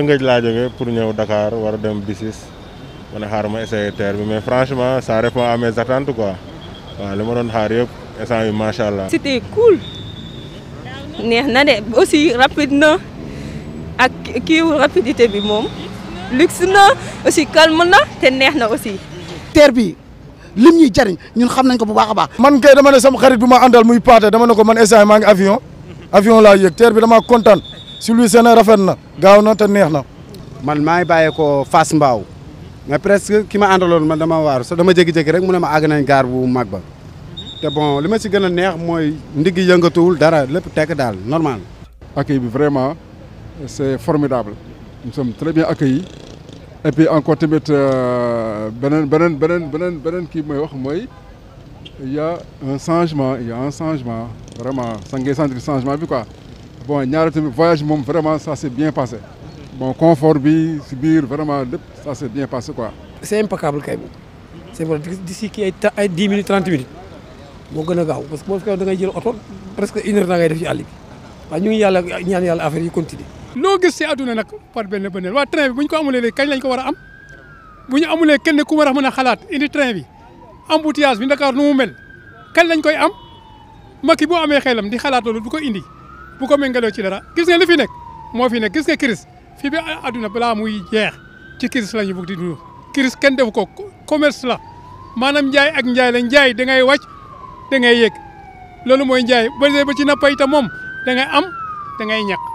Tëngëj laa jógee pour ñëw Dakar war a dem bisis ma ne xaar ma essayer terre mais franchement ça répond à mes attentes quoi waaw li ma doon xaar yëpp instant bi macha allah. c'était cool neex na de aussi rapide na ak kii rapidité bi moom luxe na aussi calme na te neex na aussi. terre bi lim ñuy jariñ ñun xam nañ ko bu baax a man kay dama ne sama xarit bu ma àndal muy paate dama ne ko man instant maa ngi avion avion laa yëg terre bi dama kontaan. Celui Séné rafet na gaaw na te neex na. man maa ngi bàyyeekoo Fass mbaaw mais presque ki ma àndaloon man dama waar sax dama jékki-jékki rek mu ne ma àgg nañ gaar bu mag ba te bon li ma si gën a neex mooy ndiggi yëngatuwul dara lépp tekk daal normal. accueil bi vraiment c'est formidable nous sommes très bien accueillis et puis encore euh, beneen beneen beneen beneen beneen kii mooy wax mooy il un changement il un changement vraiment sa ngay sentir changement bi quoi. bon ñaar tamit voyage moom vraiment ça s'est bien passé bon confort bi si biir vraiment lépp ça s'est bien passé quoi. c'est impeccable kay c'est vrai d'ici kii ay ay dix minutes trente gën a gaaw parce que boo fekkee oto presque une heure da ngay bi waaye ñu ngi yàlla ñaan yàlla affaire yi continuer loo gis si àdduna nag par benn benn waa train bi bu ñu ko amulee léegi kañ lañ ko war a am bu ñu a xalaat indi train bi embouteillage bi Dakar nu mu mel kañ lañ koy am Macky boo amee xelam di xalaat loolu du ko indi. bu ko méngalee ci dara gis nga li fi nekk moo fi nekk gis nga crise fii bi adduna balaa muy jeex ci crise la ñu bëgg di dund crise kenn defu ko commerce la maanaam njaay ak njaay la njaay da ngay wàcc da ngay yéeg loolu mooy njaay ba ba ci nappa itam moom da ngay am da ngay ñàkk